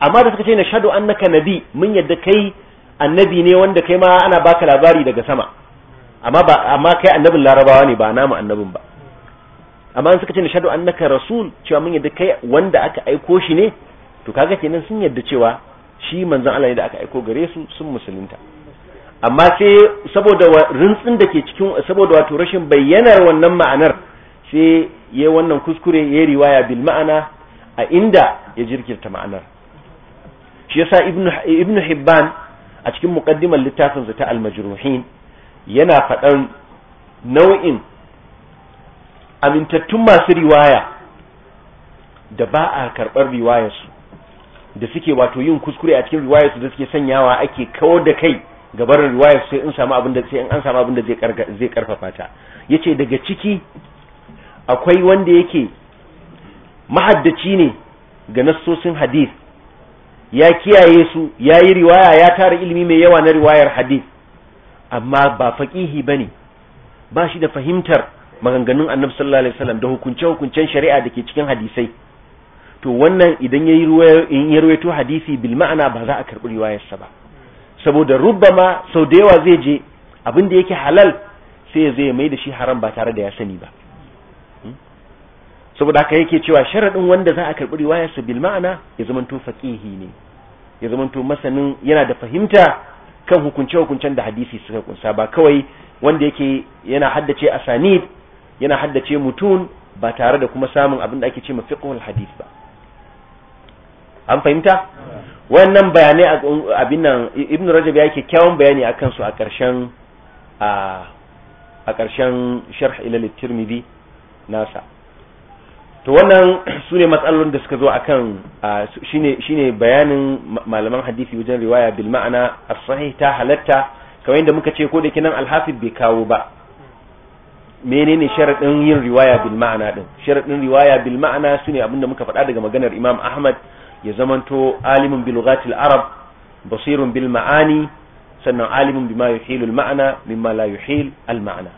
A: amma da suka ce na an naka nabi mun yadda kai annabi ne wanda kai ma ana baka labari daga sama amma ba amma kai annabin larabawa ne ba namu annabin ba amma suka ce na an naka rasul cewa mun yadda kai wanda aka aiko shi ne to kaga kenan sun yadda cewa shi manzon Allah ne da aka aiko gare su sun musulunta amma sai saboda rintsin da ke cikin saboda wato rashin bayyanar wannan ma'anar sai yayi wannan kuskure ya riwaya bil ma'ana a inda ya jirkirta ma'anar shi yasa ibn hibban a cikin muqaddimar littafinsa ta al-majruhin yana faɗan nau'in amintattun masu riwaya da ba a karɓar riwayarsu da suke wato yin kuskure a cikin riwayarsu da suke sanyawa ake kawo da kai ga riwayarsu sai in samu abin da sai in an samu abin da zai karfafa ta yace daga ciki akwai wanda yake mahaddaci ne ga nassosin hadith ya kiyaye su ya yi riwaya ya tara ilimi mai yawa na riwayar hadith amma ba faƙihi ba ne ba shi da fahimtar maganganun annabi sallallahu alaihi wasallam da hukunce-hukuncen shari'a da ke cikin hadisai to wannan idan ya to hadisi bil ma'ana ba za a karɓi riwayarsa ba saboda rubbama sau da yawa zai je abin da yake halal sai ya zai mai da shi haram ba tare da ya sani ba saboda haka yake cewa sharadin wanda za a karbi riwayarsa bil ma'ana ya to faqihi ne ya zamanto masanin yana da fahimta kan hukunce hukuncen da hadisi suka kunsa ba kawai wanda yake yana haddace asanid yana haddace mutun ba tare da kuma samun abin da ake ce mafiqhul hadith ba an fahimta wannan bayanai abin nan ibnu rajab ya kyawun bayani akan su a ƙarshen a ƙarshen sharh ila tirmidhi nasa to wannan su ne matsalolin da suka zo kan shi shine bayanin malaman hadisi wajen riwaya bil ma'ana as ta halatta kamar yadda muka ce ko da kinan alhafi bai kawo ba menene sharaɗin yin riwaya bil ma'ana din sharaɗin riwaya bil ma'ana ne abinda muka faɗa daga maganar Imam Ahmad ya zamanto alimin bi lugatil arab basirun bil ma'ani sannan bi bima yuhilu al ma'ana mimma la yuhil al ma'ana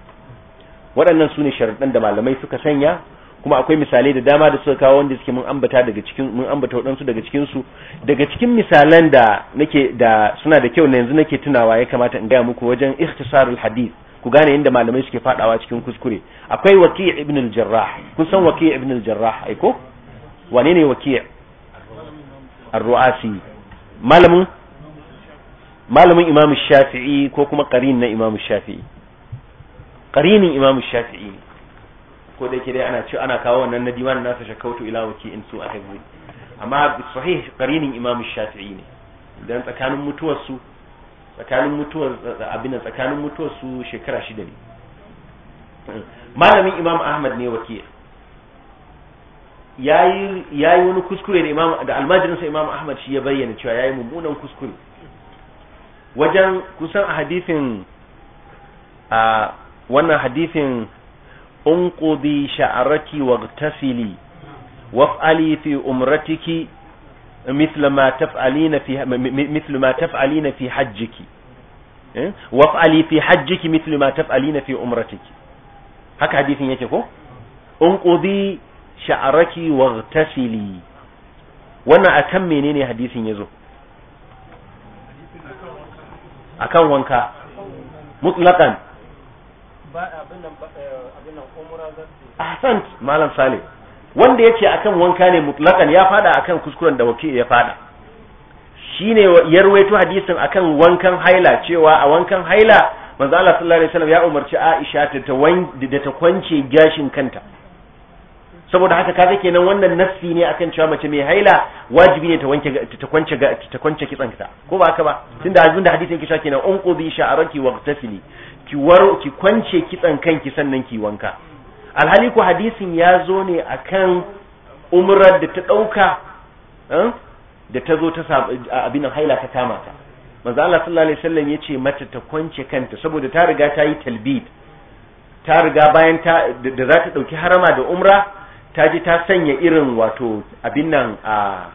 A: waɗannan su ne sharaɗin da malamai suka sanya kuma akwai misalai da dama da suka kawo wanda suke mun ambata daga cikin mun ambata waɗansu daga cikin su daga cikin misalan da nake da suna da kyau na yanzu nake tunawa ya kamata in gaya muku wajen ikhtisarul hadith ku gane inda malamai suke fadawa cikin kuskure akwai waki' ibn al-jarrah kun san waki' ibn al-jarrah ai ko wane ne waki' ar-ru'asi malamin malamin imam shafi'i ko kuma qarin na imam shafi'i qarinin imam shafi'i ko da yake dai ana ce ana kawo wannan na diwan nasa shakautu ila waki in su yi amma sahih qarinin imam shafi'i ne dan tsakanin mutuwar su tsakanin mutuwar abin tsakanin mutuwar su shekara 6 ne malamin imam ahmad ne waki yayi yayi wani kuskure da imam da sa imam ahmad shi ya bayyana cewa yayi mummunan kuskure wajen kusan a hadisin a wannan hadisin انقضي شعرك واغتسلي وافعلي في أمرتك مثل ما تفعلين في مثل ما تفعلين في حجك إيه؟ وافعلي في حجك مثل ما تفعلين في أمرتك هكا حديث yake كو انقضي شعرك واغتسلي وانا akan menene hadisin yazo akan wanka mutlaqan ba abin nan ahsant malam sale wanda yace akan wanka ne mutlakan ya fada akan kuskuren da waki ya fada shine yarwaito hadisin akan wankan haila cewa a wankan haila manzo Allah sallallahu alaihi wasallam ya umarci Aisha ta da ta kwance gashin kanta saboda haka kaza kenan wannan nassi ne akan cewa mace mai haila wajibi ne ta wanke ta kwance ta kwance kitsan ta ko ba haka ba tunda abin da hadisin kisa kenan unqudi sha'araki waqtasili ki waro ki kwance kitsan kanki sannan ki wanka alhali hadisin ya zo ne akan umrar da ta dauka eh, da ta zo ta abin haila ta kama ta manzo Allah sallallahu alaihi wasallam yace mata ta kwance kanta saboda ta riga ta yi talbid ta riga bayan ta da za ta dauki harama da umra ta ji ta sanya irin wato abin nan a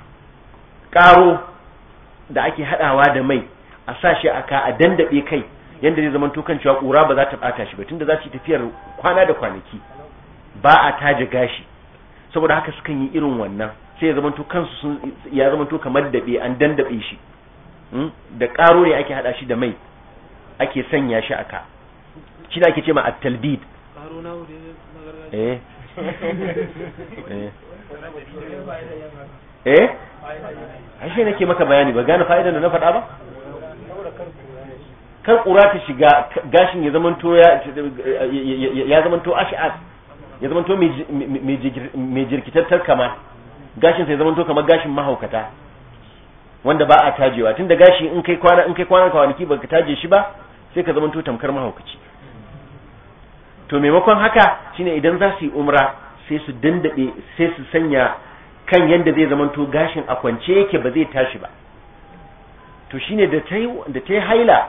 A: karo da ake hadawa da mai a sa shi aka a dandabe kai yanda zai zama to kan cewa kura ba za ta bata shi ba tunda za ta yi tafiyar kwana da kwanaki ba a taji gashi saboda haka sukan yi irin wannan sai ya zamanto kansu sun ya kamar dabe an dandabe shi hmm? da karo ne ake hada shi da mai ake sanya shi aka shi da ake ce ma at-talbid
B: eh eh, eh? ashe nake maka bayani
A: ba gane fa'idar da na faɗa ba kar ƙura ta shiga gashin ya zamanto ya zamanto ash'as ya zama to mai jirkitattar kama gashin sai zama to kamar gashin mahaukata wanda ba a tajewa tunda gashi in kai kwana in kai kwana ba ka taje shi ba sai ka zama to tamkar mahaukaci to maimakon haka shine idan za su yi umra sai su dandade sai su sanya kan yanda zai zama to gashin a kwance yake ba zai tashi ba to shine da ta yi haila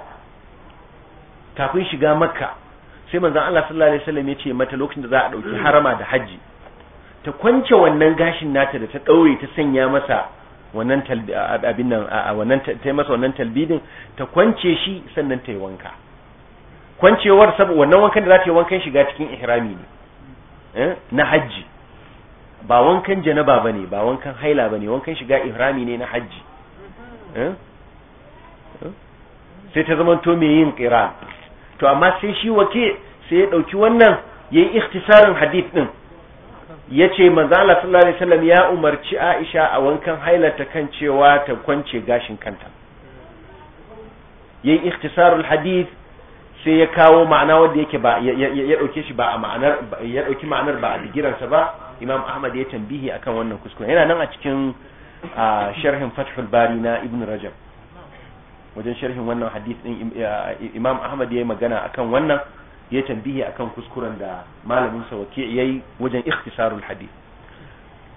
A: kafin shiga makka sai manzon Allah sallallahu alaihi wasallam ya ce mata lokacin da za a dauki harama da haji ta kwance wannan gashin nata da ta daure ta sanya masa wannan abin nan a wannan ta masa wannan talbidin ta kwance shi sannan ta yi wanka kwancewar saboda wannan wankan da za ta yi wankan shiga cikin ihrami ne eh, na haji ba wankan janaba bane ba wankan haila bane wankan shiga ihrami ne na haji eh, eh, sai ta zama to me yin qira to amma sai shi wake sai ya ɗauki wannan ya yi ikhtisarin hadith ɗin ya ce manzala sallallahu alaihi wasallam ya umarci aisha a wankan hailata kan cewa ta kwance gashin kanta ya yi ikhtisarul hadith sai ya kawo ma'ana wanda yake ba ya dauke shi ba a ma'anar ya dauki ma'anar ba a digiransa ba imam ahmad ya tambihi akan wannan kuskure yana nan a cikin sharhin fathul bari na ibn rajab wajen sharhin wannan hadith din imam ahmad ya yi magana akan wannan ya tambihi akan kuskuren da malamin sa waki yayi wajen ikhtisarul hadith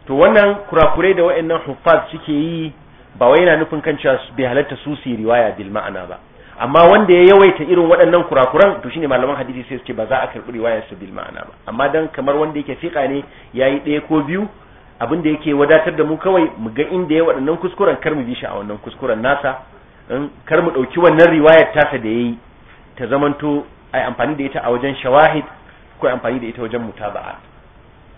A: to wannan kurakurai da wayannan huffaz suke yi ba wai yana nufin kan cewa bai halatta su su riwaya bil ma'ana ba amma wanda ya yawaita irin waɗannan kurakuran to shine malaman hadisi sai suke ba za a karɓi riwayar su bil ma'ana ba amma dan kamar wanda yake fiqa ne yayi ɗaya ko biyu abin da yake wadatar da mu kawai mu ga inda ya waɗannan kuskuren kar mu bi shi a wannan kuskuren nasa kar mu ɗauki wannan riwayar tasa da yayi ta zamanto ai amfani da ita a wajen shawahid ko amfani da ita wajen mutaba'a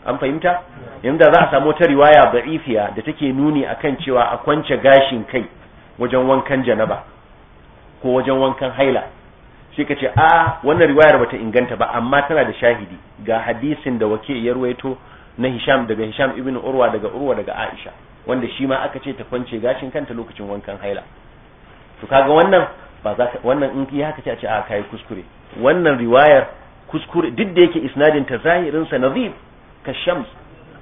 A: an fahimta yanzu da za a samu wata riwaya da'ifiya da take nuni akan cewa a kwance gashin kai wajen wankan janaba ko wajen wankan haila sai ka ce a wannan riwayar bata inganta ba amma tana da shahidi ga hadisin da wake ya ruwaito na Hisham daga Hisham ibn Urwa daga Urwa daga Aisha wanda shi ma aka ce ta kwance gashin kanta lokacin wankan haila to kaga wannan ba za ka wannan in ki haka ce a ce a ah, kai kuskure wannan riwayar kuskure duk da yake isnadin ta zahirin sa nazib ka shams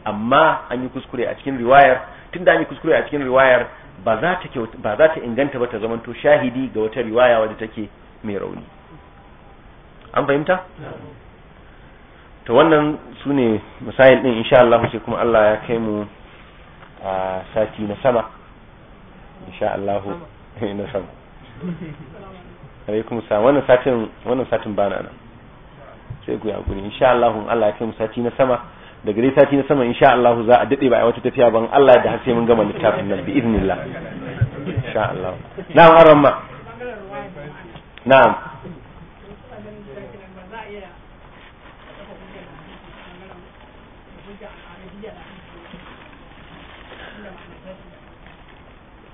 A: amma an yi kuskure a cikin riwayar tunda an yi kuskure a cikin riwayar ba za ta ba za ta inganta ba ta zamanto shahidi ga wata riwaya wadda take mai rauni an fahimta to wannan su ne misayil din insha Allah sai kuma Allah ya kai mu a ah, sati na sama insha Allah na sama alaikum salam wannan satin wannan satin bana nan sai ku hakuri insha Allah Allah ya kai mu sati na sama da gare sati na sama insha Allah za a dade ba a wata tafiya ban Allah da har sai mun gama littafin nan bi idnillah insha Allah na'am ma na'am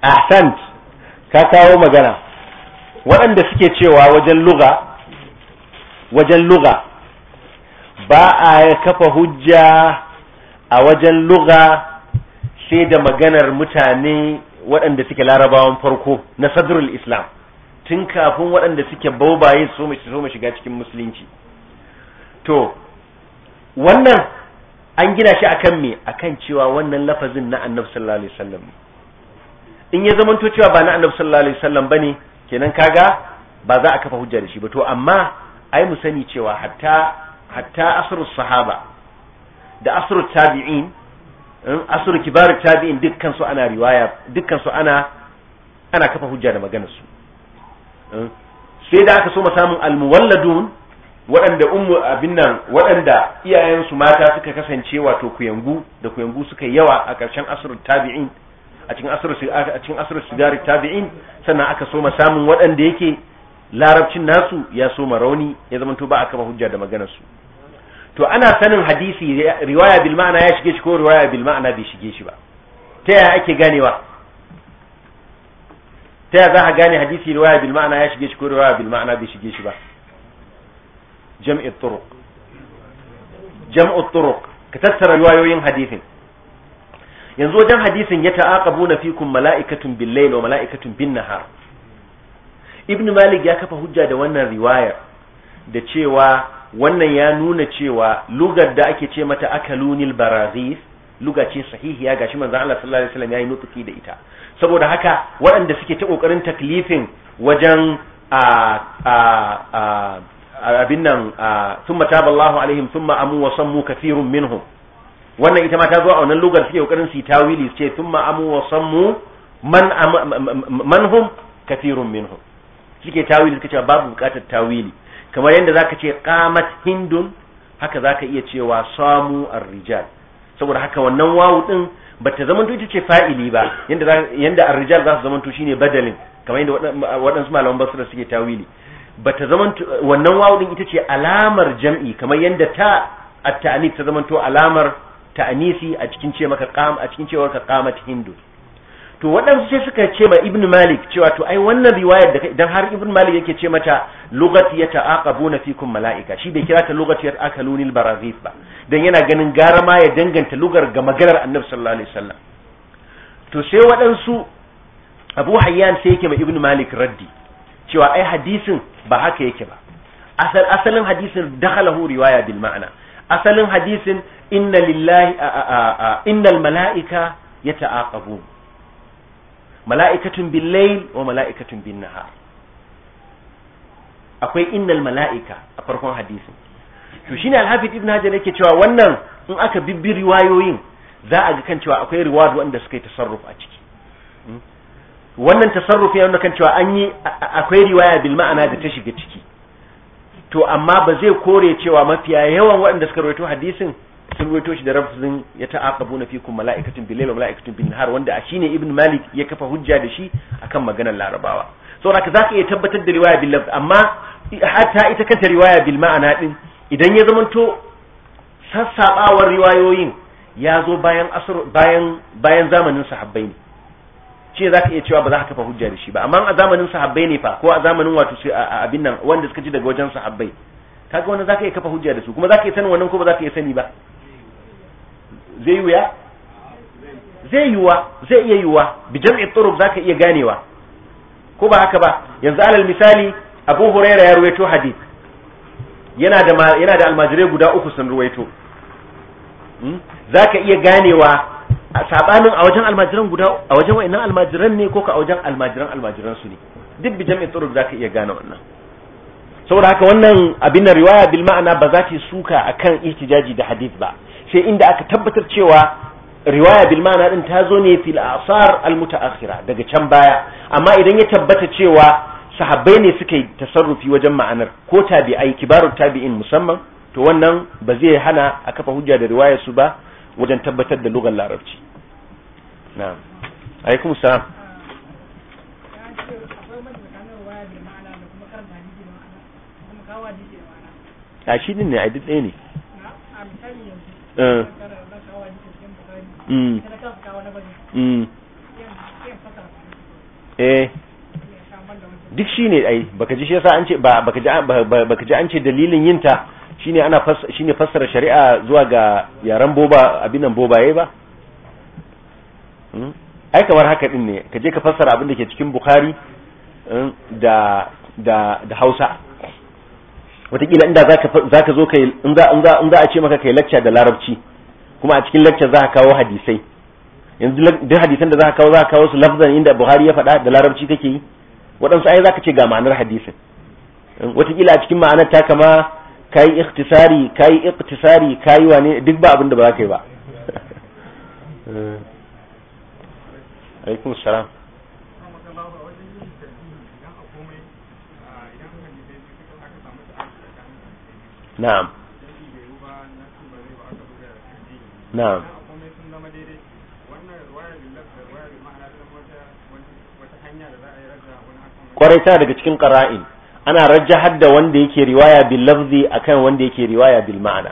A: ahsant ka kawo magana waɗanda suke cewa wajen luga wajen luga ba a kafa hujja a wajen luga sai da maganar mutane waɗanda suke larabawan farko na sadrul islam tun kafin waɗanda suke baubaye su so shiga cikin musulunci to wannan an gina shi akan me akan cewa wannan lafazin na annabi sallallahu alaihi wasallam in ya zamanto cewa ba na annabi sallallahu alaihi wasallam bane kenan kaga ba za a kafa hujja da shi ba to amma ai mu sani cewa hatta hatta sahaba da asrut tabi'in eh, asrul kibar tabi'in dukkan su ana riwaya dukkan su ana ana kafa hujja da maganar su eh, sai da aka so mu samun muwalladun waɗanda ummu abin nan waɗanda iyayensu mata suka kasance wato kuyangu da kuyangu suka yawa a ƙarshen asrul tabi'in a cikin asrul a cikin asrul sigari tabi'in sannan aka soma samun waɗanda yake larabcin nasu ya soma rauni ya zama to ba a kama hujja da maganar su to ana sanin hadisi riwaya bil ma'ana ya shige shi ko riwaya bil ma'ana bai shige shi ba ta yaya ake ganewa ta yaya za a gane hadisi riwaya bil ma'ana ya shige shi ko riwaya bil ma'ana bai shige shi ba jam'i turuq jam'u turuq ka tattara riwayoyin hadisin yanzu wajen hadisin ya na fikum mala'ikatun bil-layl wa mala'ikatun bin-nahar ibnu malik ya kafa hujja da wannan riwayar da cewa wannan ya nuna cewa lugar da ake ce mata akalunil barazis luga ce sahihiya gashi manzon Allah sallallahu alaihi wasallam yayi nutuki da ita saboda haka waɗanda suke ta kokarin taklifin wajen a a a abin nan thumma taballahu alaihim thumma amu wa sammu kathirun minhum wannan ita ma ta zo a wannan lugar suke kokarin su tawili su ce thumma amu wa sammu man manhum kathirun minhum suke tawili suka ce babu bukatar tawili kamar yadda zaka ce qamat hindun haka zaka iya cewa samu ar-rijal saboda haka wannan wawu din ta zama ita ce fa'ili ba yanda yanda ar-rijal za su zamanto shine badalin kamar yadda waɗansu malaman basira suke tawili ta zama wannan wawu din ita ce alamar jam'i kamar yadda ta at-ta'anif ta zamanto alamar ta'anisi a cikin ce maka qam a cikin cewar ka qamat hindu to waɗansu sai suka ce ma ibnu malik cewa to ai wannan riwayar da idan har ibnu malik yake ce mata lugati ya ta'aqabuna fikum malaika shi bai kira ta lugati ya akalunil barazif ba dan yana ganin gara ma ya danganta lugar ga maganar annabi sallallahu alaihi wasallam to sai waɗansu abu hayyan sai yake ma ibnu malik raddi cewa ai hadisin ba haka yake ba asal asalin hadisin dakhalahu riwaya bil ma'ana asalin hadisin inna lillahi innal mala'ika yata'aqabu mala'ikatun bil layl wa mala'ikatun bin nahar akwai innal mala'ika a farkon hadisin to shine al-hafiz ibn hajar yake cewa wannan in aka bibbi riwayoyin za a ga kan cewa akwai riwayoyi wanda suka yi tasarruf a ciki hmm? wannan tasarruf ya nuna kan cewa an yi akwai riwaya bil ma'ana da ta shiga ciki to amma ba zai kore cewa mafiya yawan waɗanda suka rawaito hadisin sun ruwaito shi da rafzin ya ta'aqabu na fikum mala'ikatun bil layli wa mala'ikatun bin nahar wanda shine ibn malik ya kafa hujja da shi akan maganar larabawa saboda ka zaka iya tabbatar da riwaya bil lafz amma hatta ita kanta riwaya bil ma'ana din idan ya zamanto sassabawar riwayoyin ya zo bayan asr bayan bayan zamanin sahabbai ne shi za ka iya cewa ba za ka kafa hujja da shi ba amma a zamanin sahabbai ne fa ko a zamanin wato sai abin nan wanda suka ji daga wajen sahabbai kaga wannan za ka iya kafa hujja da su kuma za ka iya sanin wannan ko ba za iya sani ba zai wuya zai yiwa zai iya yiwa bi jam'i turuq zaka iya ganewa ko ba haka ba yanzu alal misali Abu Huraira ya ruwaito hadith yana da yana da almajirai guda uku sun ruwaito hmm? zaka iya ganewa a sabanin a wajen almajiran guda a wajen wayannan almajiran ne ko ka a wajen almajiran almajiran su ne duk bi jam'i turuq zaka iya gane wannan saboda haka wannan abin riwaya bil ma'ana ba za ta suka akan ihtijaji da hadith ba sai inda aka tabbatar cewa riwaya bil din ta zo ne fil asar al mutaakhira daga can baya amma idan ya tabbata cewa sahabbai ne suka yi tasarrufi wajen ma'anar ko tabi'ai kibarut tabi'in musamman to wannan ba zai hana a kafa hujja da riwayar su ba wajen tabbatar da lugar larabci na'am alaikum salam a shi ne a duk ɗaya ne Eh. Eh. duk shi ne ai baka ji shi yasa an ce ba baka ji baka ji an ce dalilin yin ta shine ana shine fassara shari'a zuwa ga yaran boba abinan bobaye ba hmm? ai kamar haka din ne ka je ka fassara abin da ke cikin bukhari hmm, da da da Hausa wataƙila inda za ka zo kai in za a ce maka kai lacca da larabci kuma a cikin lacca za ka kawo hadisai yanzu duk hadisan da za ka kawo za ka kawo su lafzan inda buhari ya faɗa da larabci kake yi waɗansu ai za ka ce ga ma'anar hadisin wataƙila a cikin ma'anar ta kama ka yi iktisari ka yi iktisari ka yi wane duk ba abin da ba za ka yi ba
B: eh. alaikum salam na'am na'am
A: kwarai ta daga cikin ƙara'in ana rajja hadda wanda yake riwaya bil lafzi akan wanda yake riwaya bil ma'ana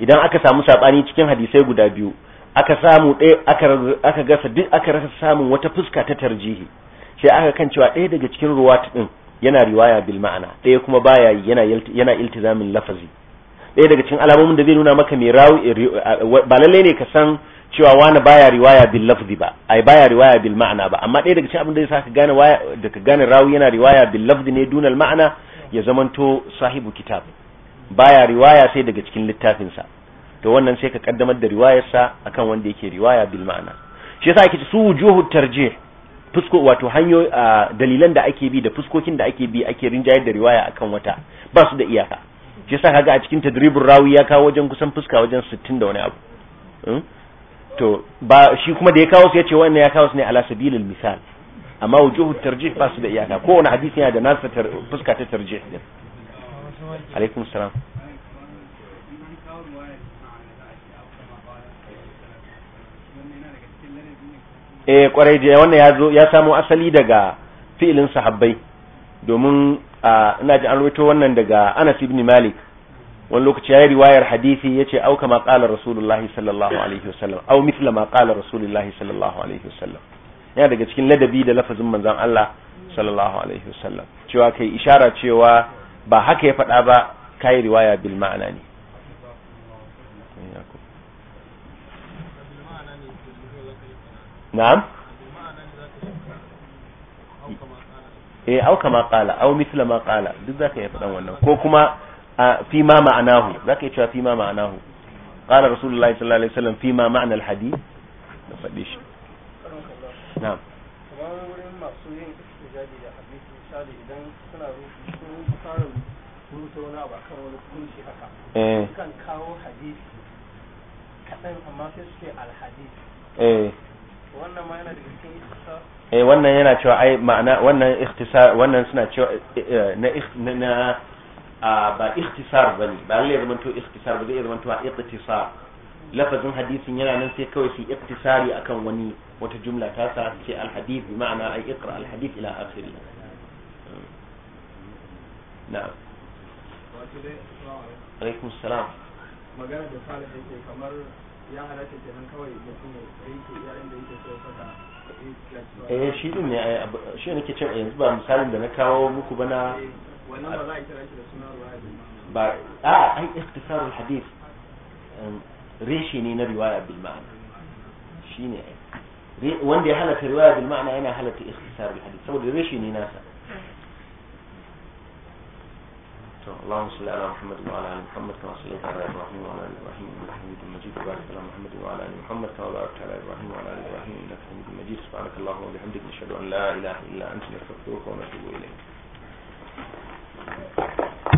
A: idan aka samu saɓani cikin hadisai guda biyu aka samu ɗaya aka gasa duk aka rasa samun wata fuska ta tarjihi sai aka kan cewa ɗaya daga cikin ruwa ta ɗin yana riwaya bil ma'ana ɗaya kuma baya yi yana iltizamin lafazi ɗaya daga cikin alamomin da zai nuna maka mai rawi eh, eh, ba lallai ne ka san cewa wani baya riwaya bil lafzi ba ai baya riwaya bil ma'ana ba amma ɗaya daga cikin abin da zai saka gane da ka gane rawi yana riwaya bil lafzi ne dunal ma'ana ya zamanto sahibu kitab baya riwaya sai daga cikin littafinsa to wannan sai ka kaddamar da riwayarsa akan wanda yake riwaya bil ma'ana shi yasa ake su wujuhu tarjih fusko wato hanyo dalilan da ake bi da fuskokin da ake bi ake rinjayar da riwaya akan wata ba su da iyaka shi yasa kaga a cikin tadribin rawi ya kawo wajen kusan fuska wajen 60 da wani abu hmm? to ba shi kuma da ya kawo su yace wannan ya kawo su ne ala sabilil misal amma wujuhu tarjih ba su da iyaka kowane hadisi yana da nasa fuska ta tarjih din alaikum salam eh kwarai da wannan ya zo ya samo asali daga fi'ilin sahabbai domin ina ji an rawaito wannan daga Anas ibn Malik wani lokaci ya yi riwayar hadisi ya ce auka ma ƙalar rasulullahi sallallahu alaihi wasallam au mithla ma qala rasulullahi sallallahu alaihi wasallam yana daga cikin ladabi da lafazin manzon Allah sallallahu alaihi wasallam cewa kai ishara cewa ba haka ya faɗa ba kai riwaya bil ma'ana ne na'am eh au kama qala au misla ma qala duk zaka iya faɗan wannan ko kuma fi ma ma'anahu zaka cewa fi ma ma'anahu qala rasulullahi sallallahu alaihi wasallam fi ma ma'na alhadith da na'am
B: eh. kan kawo hadisi kadan amma sai suke eh wannan yana
A: eh wannan yana cewa ai ma'ana wannan ikhtisar wannan suna cewa eh, na na ba ikhtisar bane ba lalle zaman to ikhtisar ba zai zaman to ikhtisar lafazin hadisin yana nan sai kawai su ikhtisari akan wani wata jumla ta sa ce al hadith bi ma'ana ai iqra al hadith ila akhirih na'am
B: alaikum salam magana da kamar ya halatta kenan kawai mutum ya yake so eh shi din ne
A: shi nake a yanzu ba misalin da na kawo muku ba na eh,
B: wannan ba za a kira shi da suna riwaya
A: ba a ai ikhtisarul hadith um, reshi ne na riwaya bil ma'ana shine wanda ya halatta riwaya bil ma'ana yana halatta ikhtisarul
B: hadith saboda reshi ne nasa اللهم صل على محمد وعلى ال محمد كما صليت على ابراهيم وعلى ال ابراهيم انك حميد مجيد وبارك على محمد وعلى ال محمد كما باركت على ابراهيم وعلى ال ابراهيم انك حميد مجيد سبحانك اللهم وبحمدك نشهد ان لا اله الا انت نستغفرك ونتوب اليك